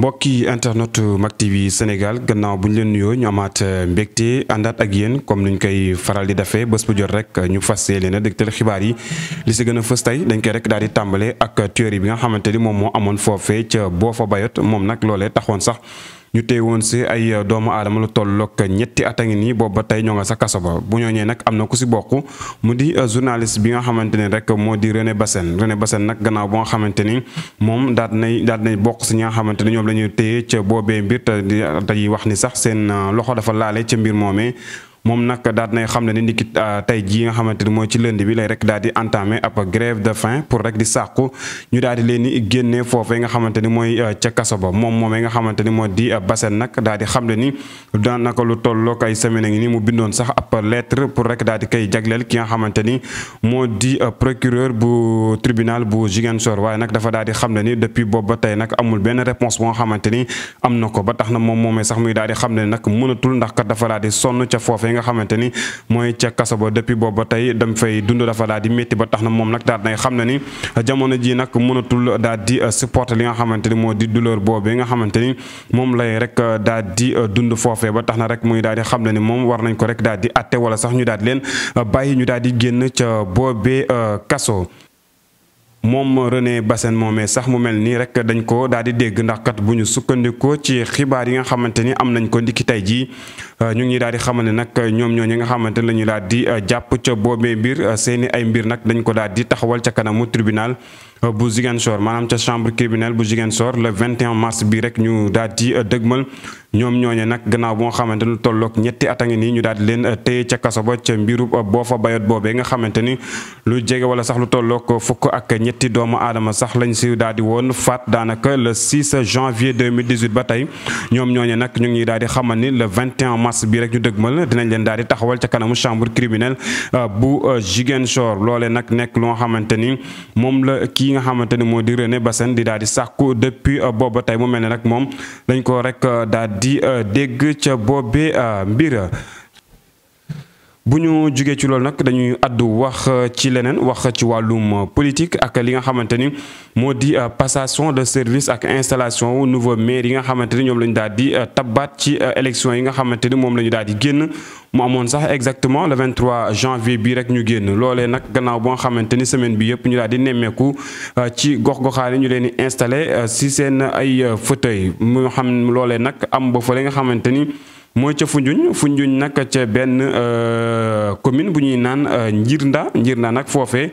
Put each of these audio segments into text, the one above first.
mbokki internet Mak TV Sénégal gannaaw bu ñu leen nuyoo ñu amaat euh, mbégte àndaat ak yenn comme ni koy faral di defee bés bu jot rek ñu fas leen a dégtal xibaar yi li si gën a fës tey dañ koy rek daal di tàmbale ak tuerie bi nga xamante ni moom moo amoon foofee ca fa Bayotte moom nag loolee taxoon sax. ñu téye woon si ay doomu aadama lu tollook ñetti at a ngi nii boobu ba tey ñoo sa kaso ba bu ñooñee nag am na ku si bokk mu di euh, journaliste bi nga xamante ni rek moo di René Bassène René Bassène nag gannaaw ba nga xamante ni moom daat nay daat nay bokk si nga xamante ni ñoom la ñuy téye ca boobee mbir te dañuy wax ni sax seen euh, loxo dafa laale ca mbir moomee moom nag daal nay xam ne ni niki ah, tey jii nga xamante ni mooy ci lundi bi lay rek daal di entamé ab grève de faim pour rek di sàqu ñu daal di leen di génne foofe nga xamante ni mooy ah, ca kaso ba moom moomee nga xamante ni moo di ah, Bassène nag daal di xam ne ni daanaka lu tollook ay semaine ngi ni mu bindoon sax ab lettre pour rek daal di koy ki nga xamante ni moo di procureur bu tribunal bu Ziguinchor waaye nag dafa daal di xam ne ni depuis boobu ba tey nag amul benn réponse boo nga xamante ni am na ko ba tax na moom moomee sax muy daal di xam ne nag mënatul ndax kat dafa daal di sonn ca foofe foofee nga xamante ni mooy ca kaso ba depuis booba tey dem fay dund dafa daal di métti ba tax na moom nag daal nay xam ne ni jamono ji nag mënatul daal di uh, supporter li nga xamante ni moo di douleur boobee nga xamante ni moom lay rek uh, daal di uh, dund foofe ba tax na rek muy daal di xam ne ni moom war nañ ko rek daal di atte wala sax ñu daal di leen bàyyi ñu daal di génn ca boobee kaso moom René Bassène moomee sax mu mel nii rek dañ ko daal dégg ndax kat bu ñu sukkandikoo ci xibaar yi nga xamante ni am nañ ko ndiki tey jii euh, ñu ngi daal di xamal ne nag ñoom ñoo ñi nga xamante ne la daal di euh, jàpp ca boobee mbir euh, seeni ay mbir nag dañ ko daal di taxawal ca kanamu tribunal. bu Ziguinchor maanaam ca chambre criminelle bu Ziguinchor le 21 mars bi rek ñu daal euh, dëgmal ñoom ñooñu nag gannaaw boo nga xamante ni tolloog ñetti at a ngi nii ñu daal di leen euh, téye ca kaso ba ca mbiru euh, Boffa Bayotte boobee nga xamante ni lu jege wala sax lu tolloog fukk ak ñetti doomu aadama sax lañ si daal di woon faat daanaka le 6 janvier 2018 ba tey ñoom ñooñu nag ñu ngi daal di xamal ni le 21 mars bi rek ñu dëgmal dinañ leen daal di taxawal ca kanamu chambre criminelle bu Ziguinchor loolee nag nekk kii nga xamante ni moo di René Bassène di daal di sàkku depuis euh, booba tey mu mel ni nag moom lañ ko rek euh, daal di euh, dégg ca boobe mbir bu ñu jugee ci loolu nag dañuy addu wax euh, ci leneen wax ci wàllum euh, politique ak li nga xamante ni moo di euh, passation de service ak installation nouveau maire yi nga xamante ni ñoom la ñu daal di tabbaat ci élection yi nga xamante ni moom la ñu daal di génn mu amoon sax exactement le 23 janvier bii rek ñu génn loole nag gannaaw ba nga xamante ni semaine bi yëpp ñu daal di nemmeeku ci gox-goxaan ñu leen di installé si seen ay fauteuil mu xam loolee nag am ba fa nga xamante ni. mooy ca Foundiougne Foundiougne nag ca benn euh, commune bu ñuy naan njiir euh, njiir Njirnda nag foofe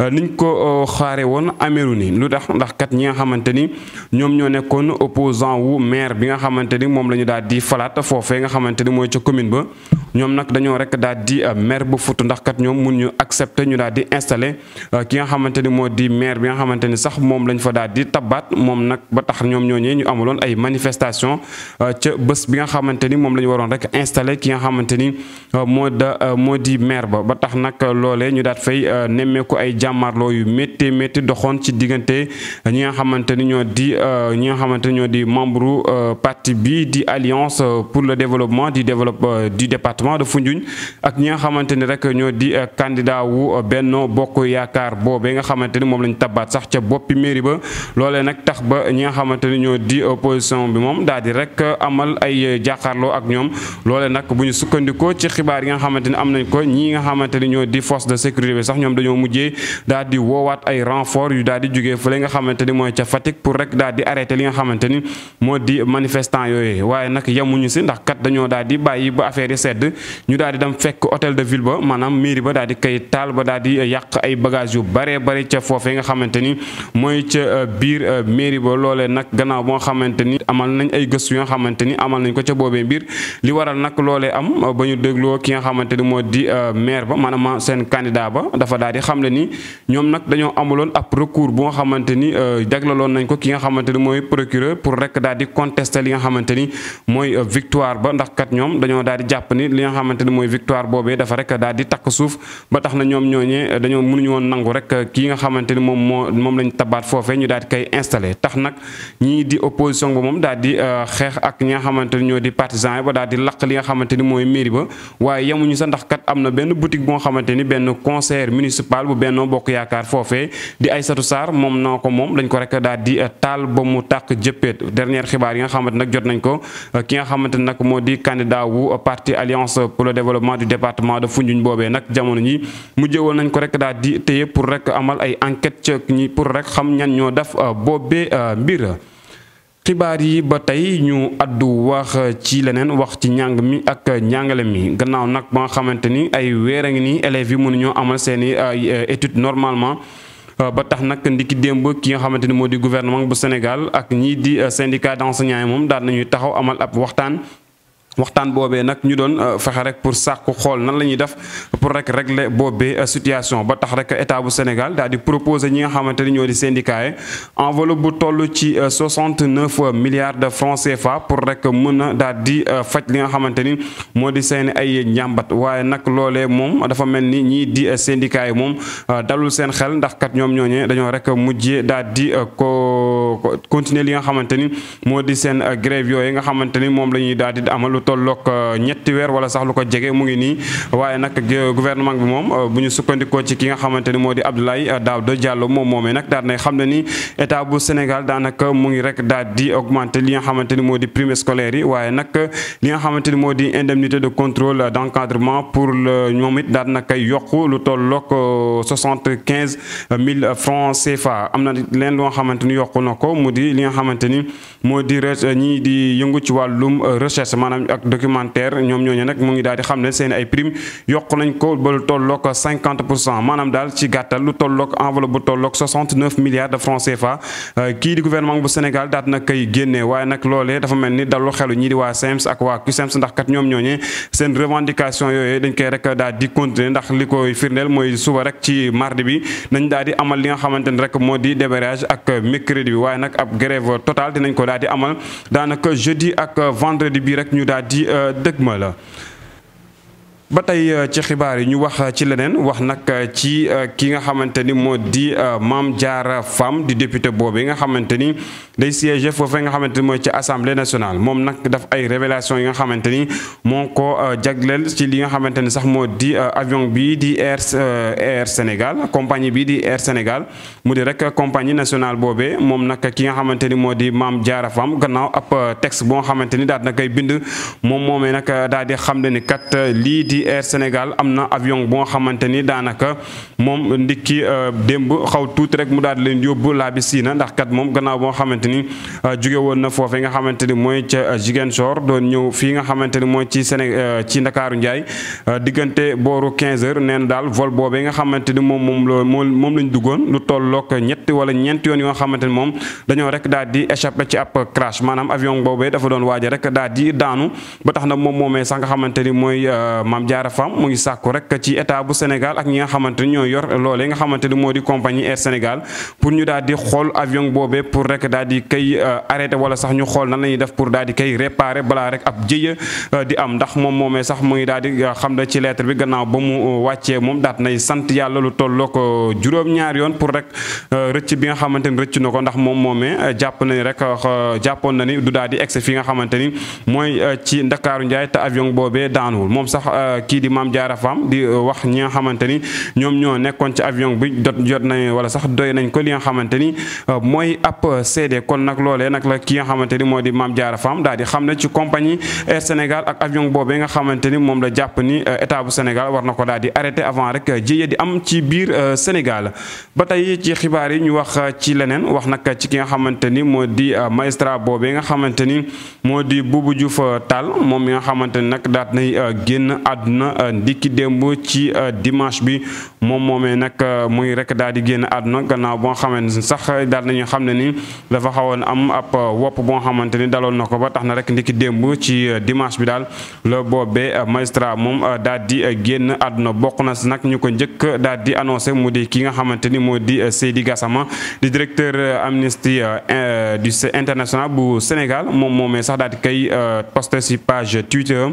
euh, niñ ko xaare woon ameeru ni lu tax ndax kat ñi nga xamante ni ñoom ñoo nekkoon opposant wu maire bi nga xamante ni moom la ñu daal di falaat foofee nga xamante ni mooy ca commune ba ñoom nag dañoo rek daal di euh, maire bu futu ndax kat ñoom mun ñu accepte ñu daal di installer euh, ki nga xamante ni moo di maire bi nga xamante ni sax moom lañ fa daal di tabaat moom nag ba tax ñoom ñooñee ñu amuloon ay manifestation euh, ca bés bi nga xamante ni moom la ñu waroon rek installer ki nga xamante ni moo da moo di maire ba ba tax nag loolee ñu daat fay nemmeeku ay jàmmarloo yu métti métti doxoon ci diggante ñi nga xamante ni ñoo di ñi nga xamante ni ñoo di membre parti bi di alliance pour le développement di développement du département département de Foundiougne ak ñi nga xamante ni rek ñoo di euh, candidat wu euh, benn Bokk Yaakaar boobee nga xamante ni moom lañ tabaat sax ca boppi mairie ba loole nag tax ba ñi nga xamante ni ñoo di euh, opposition bi moom daal di rek amal ay jàkkaarloo ak ñoom loolee nag bu ñu sukkandikoo ci xibaar yi nga xamante ni am nañ ko ñi nga xamante ni ñoo di force de sécurité bi sax ñoom dañoo mujjee daal di woowaat ay renfort yu daal di jógee fële nga xamante ni mooy ca Fatick pour rek daal di arrêté li nga xamante ni moo di manifestant yooyu waaye nag yemuñu si ndax kat dañoo daal di bàyyi ba affaire yi sedd ñu daal di dem fekk hôtel de ville ba maanaam mairie ba daal di koy taal ba daal di euh, yàq ay bagages yu baree bari ca foofee nga xamante ni mooy ca euh, biir euh, mairie ba loolee nag gannaaw ba xamante ni amal nañ ay gëstu yoo xamante ni amal nañ ko ca boobee mbir li waral nag loolee am ba ñu dégloo ki nga xamante ni moo di maire ba maanaam seen candidat ba dafa daal di xamle ni ñoom nag dañoo amuloon ab recours bu nga xamante ni jaglaloon nañ ko ki nga xamante ni mooy procureur pour rek daal di contester li nga xamante ni mooy victoire ba ndax kat ñoom dañoo daal jàpp ni li nga xamante ne mooy victoire boobee dafa rek daal di takk suuf ba tax na ñoom ñooñee dañoo mënuñu woon nangu rek kii nga xamante ni moom moo moom lañ tabaat foofee tax nag ñii di opposition ba moom daal di euh, xeex ak ñi nga xamante ni ñoo di partisan yi ba daal di laq li nga xamante ni mooy mairie ba waaye yemuñu sa ndax kat am na benn boutique boo xamante ni benn conseiller municipal bu Benno Bokk Yaakaar foofee di Aïssatou Sarr moom noo ko moom dañ ko rek daal di euh, taal ba mu tàq jëppeet dernière xibaar yi nga xamante nag jot nañ ko euh, ki nga xamante nag moo di candidat wu parti alliance urgence pour le développement du département de Foundiougne boobee nag jamono ñi mujjee woon nañ ko rek daal di téye pour rek amal ay enquete ci pour rek xam ñan ñoo def euh, boobee euh, mbir. xibaar yi ba tey ñu àddu wax ci leneen wax ci njàng mi ak njàngale mi gannaaw nag ba nga xamante ni ay weer a ngi nii élèves yi mënuñoo amal seeni euh, étude normalement ba tax nag ndiki démb ki nga xamante ni moo di gouvernement bu Sénégal ak ñii di syndicat d'enseignants yi moom daal nañuy taxaw waxtaan boobee nag ñu doon euh, fexe rek pour sàkku xool nan la ñuy def pour rek régler boobee euh, situation ba tax rek état bu Sénégal daal di proposer ñi nga xamante ni ñoo di syndicat yi bu toll ci 69 euh, milliards de francs CFA pour rek mën a daal di faj li nga xamante ni moo di seen ay njàmbat waaye nag loole moom dafa mel ni ñii di syndicat yi moom dalul seen xel ndax kat ñoom ñooñee dañoo rek mujjee daal di ko continuer li nga xamante ni moo di seen grève yooyu nga xamante ni moom la ñuy daal di amal lu tolloog euh, ñetti weer sax lu ko jege mu ngi nii waaye nag gouvernement bi moom euh, bu ñu sukkandikoo ci ki nga xamante ni moo di Abdoulaye euh, Daouda Diallo moom moomee nag daal mu ngi rek daal di augmenter li nga xamante ni moo di prime scolaire yi waaye nag li ni moo di indemnité de contrôle d'encadrement pour le ñoom it daal na koy yokk lu tolloog soixante quinze mille francs CFA am na leen lu nga xamante ni yokku na ko mu di li nga xamante ni moo di ñii di yëngu ci wàllum recherche maanaam ak documentaire ñoom ñooñu nag mu ngi daal di xam ne seen ay prime yokk nañ ko ba lu tolloog 50 pour cent maanaam daal ci gàttal lu tolloog enveloppe bu milliards de francs CFA euh, kii di gouvernement bu Sénégal daal na koy génnee waaye nag loolee dafa mel ni dalu xelu ñii di waa SAEMS ak waa CUSEMS ndax kat ñoom ñooñee seen revendication yooyu dañ koy rek daal di continuer ndax li koy firndeel mooy suba rek ci mardi bi nañ daal amal li nga xamante rek moo daal di euh, dëgmal ba tey euh, ci xibaar yi ñu wax euh, ci leneen wax nag euh, ci ki nga xamante ni moo di maam Diarra Fam di député boobu nga xamante ni day siège foofee nga xamante ni mooy ci assemblée nationale moom nag daf ay révélation yi nga xamante ni moo ko jagleel ci li nga xamante ni sax moo di avion bii di air air Sénégal bii di air mu di rek compagnie nationale boobee moom nag ki nga xamante ni moo di Mame Diarra Fam gannaaw ab texte boo nga xamante ni daal na koy bind moom moomee nag daal xam ne ni kat lii di ci Air Sénégal am na avion bu nga xamante ni daanaka euh, tuuti rek mu daal di leen yóbbu laabi siina ndax kat moom gannaaw boo xamante ni euh, jóge woon na foofe nga xamante ni mooy ca euh, Ziguinchor doon ñëw fii nga xamante ni mooy ci Sénégal ci Ndakaaru Njaay diggante booru 15 heures nee na daal vol boobee nga xamante ni moom moom la moom lañ duggoon lu tollook ñetti wala ñeenti yoon yoo xamante ni moom dañoo rek daal ci ab crash maanaam avion boobee dafa doon waaja rek daal daanu ba tax na moom moomee sax nga xamante mooy maam Diarra Fam mu rek ci état bu Sénégal ak ñi nga xamante ni ñoo yor loolee nga xamante ni moo di compagnie Air Sénégal pour ñu daal di xool avion boobee pour rek daal di kay euh, arrêté wala sax ñu xool nan la ñuy def pour daal di kay réparé balaa rek ab jëye euh, di am ndax moom moomee sax mu daal di euh, xam ne ci lettre bi gannaaw ba mu wàccee moom daat nay sant yàlla lu tolloo ko juróom-ñaar yoon pour rek rëcc bi nga xamante ni rëcc ko ndax moom moomee jàpp nañ rek jàppoon na ni du daal di egg fi nga xamante ni mooy ci Ndakaaru Njaay te avion boobee daanuwul moom sax kii di Mame Diarra Fam di euh, wax ñi nga xamante ni ñoom ñoo nekkoon ci avion bi jot jot nañ wala sax doy nañ ko li nga xamante ni euh, mooy ni moo di Mame Diarra Fam daal di xam ne ci compagnie Air Sénégal ak avion boobee ni moom la jàpp ni euh, état bu Sénégal war na ko daal di arrêté avant rek jëye di am ci biir Sénégal ba tey yi ñu ci leneen wax nag ci ki nga ni moo di magistrat boobee nga xamante ni moo di Boubou Diouf Tall moom mi nga xamante nag daat nay génn àdduna àdduna euh, ndiki démb ci euh, dimanche bi moom moomee nag euh, muy rek daal di génn àdduna gannaaw boo xamante ni sax daal nañu xam ne ni dafa xawoon am ab wopp boo xamante ni daloon na ko ba tax na rek ndiki démb ci dimanche bi daal la boobee magistrat moom daal di génn àdduna bokk na si nag ñu ko njëkk daal di annoncé mu di ki nga xamante ni moo di Seydi Gassama di directeur Amnesty du international bu Sénégal moom moomee sax daal di koy posté si page Twitter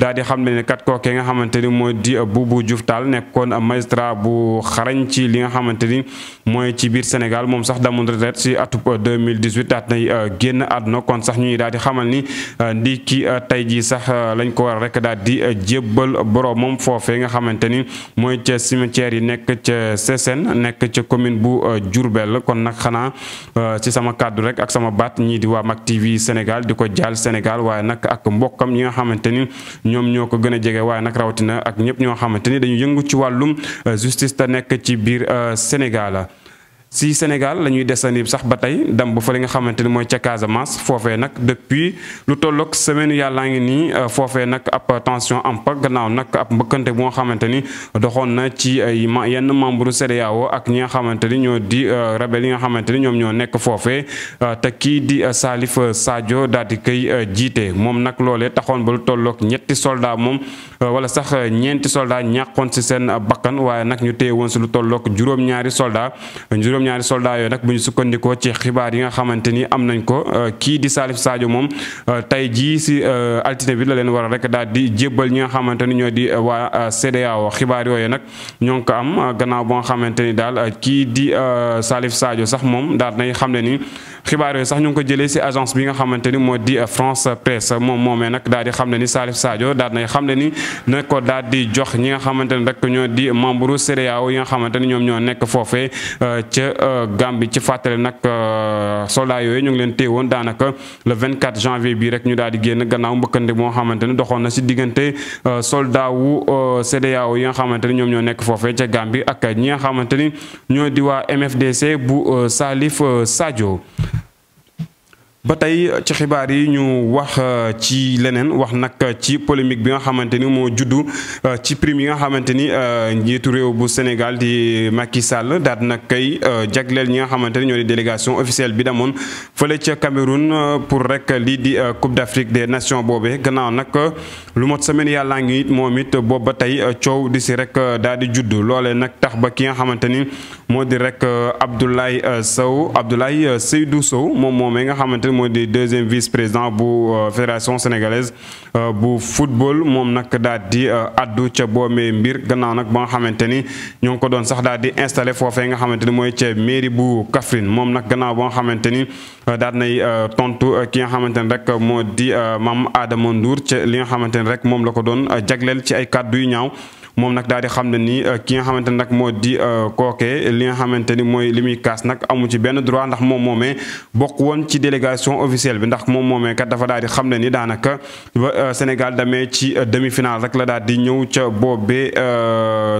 daal xam ne ne kat kookee nga xamante ni mooy di bu Diouf Tall nekkoon magistrat bu xarañ ci li nga xamante ni mooy ci biir Sénégal moom sax damoon retraite si atub 2018 daat nay euh, génn àdduna kon sax ñuy daal di xamal ni euh, ndi ki euh, tey jii sax lañ ko war rek daal di jébbal boro moom foofe nga xamante ni mooy ca cimetière yi nekk ca Sessène nekk ca commune bu Diourbel kon nag xanaa ci sama kaddu rek ak sama baat ñii di waa Mak TV Sénégal di ko jaal Sénégal waaye nag ak mbokkam ñi nga xamante ni ñoom ñoo ko gën a jege waaye nag rawatina ak ñëpp ñoo xamante ni dañu yëngu ci wàllum euh, justice te nekk ci biir euh, Sénégal si Sénégal la ñuy desandi sax ba tey dem ba fa li nga xamante ni mooy ca Casamance foofee nag depuis lu tolloog semaine yàllaa ngi nii euh, foofee nag ab tension am gannaaw nag ab mbëkkante bu nga xamante ni doxoon na ci yenn membre CEDEAO ak ñi nga xamante ni ñoo di euh, rebelle yi nga xamante ni ñoom ñoo nekk foofee euh, te kii di Salif Sadio daal di koy jiite moom nag loole taxoon ba lu tollook ñetti soldat moom wala sax ñeenti soldat ñàkkoon si seen bakkan waaye nag ñu téye woon si lu tolloog juróom-ñaari juróom-ñaari soldat yooyu nag bu ñu sukkandikoo ci xibaar yi nga xamante ni am nañ ko euh, kii di Salif Sadio moom euh, tey jii si euh, altine bi la leen war a rek daal di jébbal ñi nga xamante ni ñoo di waa CEDEAO xibaar yooyu nag ñoo ngi ko am gannaaw ba nga xamante ni daal kii di Salif Sadio sax moom daal nay xam ne ni xibaar yooyu sax ñu ko jëlee si agence bi nga xamante ni moo di France Presse moom moomee nag daal di xam ne ni Salif Sadio daal nay xam ne ni na ko daal ñoom ñoo nekk foofee ca ca euh, Gambie ci fàttali nag euh, soldats yooyu ñu ngi leen téewoon daanaka le 24 janvier bii rek ñu daal di génn gannaaw mbëkkante moo xamante ne doxoon na si diggante euh, soldat wu CEDEAO yi nga xamante ni ñoom ñoo nekk foofee ca Gambie ak ñi nga xamante ni ñoo di waa MFDC bu Salif Sadio. ba tey ci xibaar yi ñu wax euh, ci leneen wax nag ci polémique bi nga xamante ni moo juddu euh, ci prime yi nga xamante ni euh, njiitu réew bu Sénégal di Macky Sall daal nag kay jagleel ñi nga xamante ni ñoo di délégation officielle bi damoon fële ca Cameroun pour rek lii di Coupe d'Afrique des Nations boobee gannaaw nag lu mot semaine yàllaa ngi moom it boobu ba tey coow di si rek daal di juddu loolee nag tax ba ki nga xamante ni moo di rek Abdoulaye Sow Abdoulaye Seydou Sow moom xamante di deuxième vice président bu euh, fédération sénégalaise euh, bu football moom nag daal di euh, addu ca boobee mbir gannaaw nag ba nga xamante ni ñoo ngi ko doon sax daal di installé foofee nga xamante ni mooy ca mairie bu Kaffrine moom nag gannaaw ba nga xamante ni daal nay tontu ki nga xamante ni rek moo di maam Adama nduur ca li nga xamante ni rek moom la ko doon jagleel ci ay kàddu yu ñaaw. moom nag daal di xam ne nii euh, ki nga xamante ne nag moo di euh, kookee li nga xamante ni mooy li muy kaas nag amu ci benn droit ndax moom moome bokk woon ci délégation officielle bi ndax moom moomee kat dafa daal di xam ne daanaka ba euh, Sénégal demee ci demi-finale rek la daal di ñëw ca boobee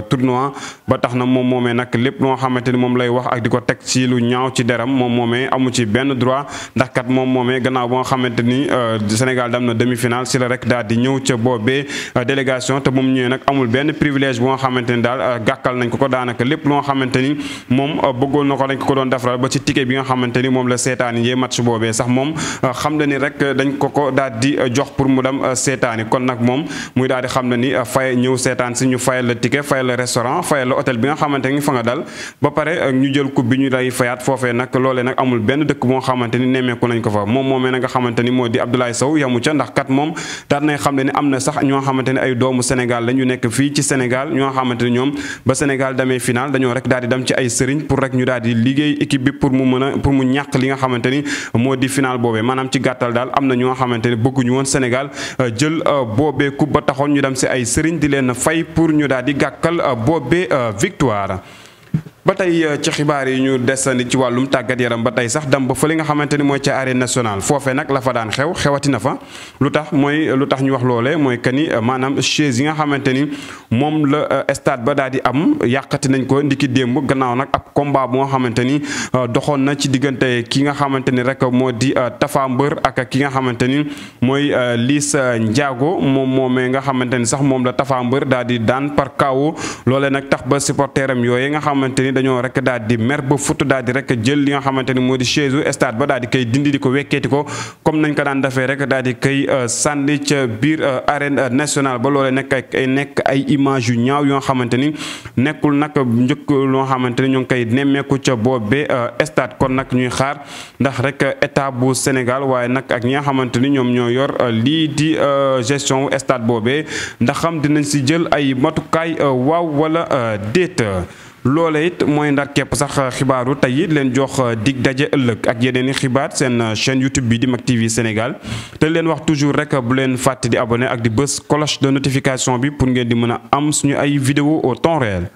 tournoi ba tax na moom moomee nag lépp loo xamante ni moom lay wax ak di ko teg ci lu ñaaw ci deram moom moomee amu ci benn droit ndax kat moom moome gannaaw ba nga xamante ni Sénégal dam na demi-finale si la rek daal di ñëw ca boobee délégation te moom ñëwee nag amul benn privilège bu nga xamante ni daal euh, gàkkal nañ ko ko daanaka lépp lu nga xamante ni moom euh, bëggoon na ko dañ ko ko doon defaral ba ci ticket bi nga xamante moom la euh, na ni rek dañ ko ko daal di jox pour mu dem seetaani kon nag moom muy daal di xam na ni fay ñëw seetaan si ñu fayal la ticket fayal la restaurant fayal la hôtel bi nga xamante fa nga dal ba pare ñu jël coupe bi ñu day fayaat foofee nag loolee nag amul benn dëkk boo xamante ni nemmeeku nañ ko fa moom moomee na nga xamante ni moo di Abdoulaye Sow yamu ca ndax kat moom daal nay xam ne ni am na sax ñoo xamante ni ay doomu Sénégal lañu nekk fii ci Sénégal ñoo xamante ne ñoom ba Sénégal demee final dañoo rek daal di dem ci ay sëriñ pour rek ñu daal di liggéey équipe bi pour mu mën a pour mu ñàkk li nga xamante ni moo di final boobee maanaam ci gàttal daal am na ñoo xamante ne bëgguñu woon Sénégal euh, jël euh, boobee coupe ba taxoon ñu dem si ay sëriñ di leen fay pour ñu daal di gàkkal euh, boobee victoire ba tey euh, ci xibaar yi ñu desandi ci wàllum tàggat yaram ba tey sax dem ba fële nga xamante ni mooy ca arène nationale foofe nag la fa daan xew xewati na fa lu tax mooy lu tax ñu wax loole mooy que ni euh, maanaam chaise yi nga xamante ni moom la euh, stade ba daal di am yàqati nañ ko ndiki démb gannaaw nag ab combat bu nga xamante ni doxoon na ci diggante ki nga xamante ni rek moo di Tapha Mbeur ak ki nga xamante ni mooy Liss Ndiago moom moomee nga xamante ni sax moom la Tapha Mbeur daal di daan par kaw loole nag tax ba supporteram yooye nga xamante ni dañoo rek daal di mer ba futt daal di rek jël li nga xamante ni moo di chaise stade ba daal di koy dindi di ko wekkeeti ko comme nañ ko daan defee rek daal di koy euh, sànni ca biir euh, arène nationale ba loolee nekk ay nekk ay image yu ñaaw yoo xamante ni nekkul nag njëkk loo xamante ni ñu ngi koy nemmeeku ca boobee euh, stade kon nag ñuy xaar ndax rek état bu Sénégal waaye nag ak ñi nga xamante ni ñoom ñoo yor lii di gestion stade boobee ndax xam dinañ si jël ay matukaay waaw wala déet loole it mooy ndar képp sax xibaaru tey it leen jox euh, dig daje ëllëg ak yeneen i xibaar seen euh, chaîne YouTube bi di Mak TV Sénégal te leen wax toujours rek bu leen fàtte di abonné ak di bés cloche de notification bi pour ngeen di mën a am suñu ay vidéo au temps réel.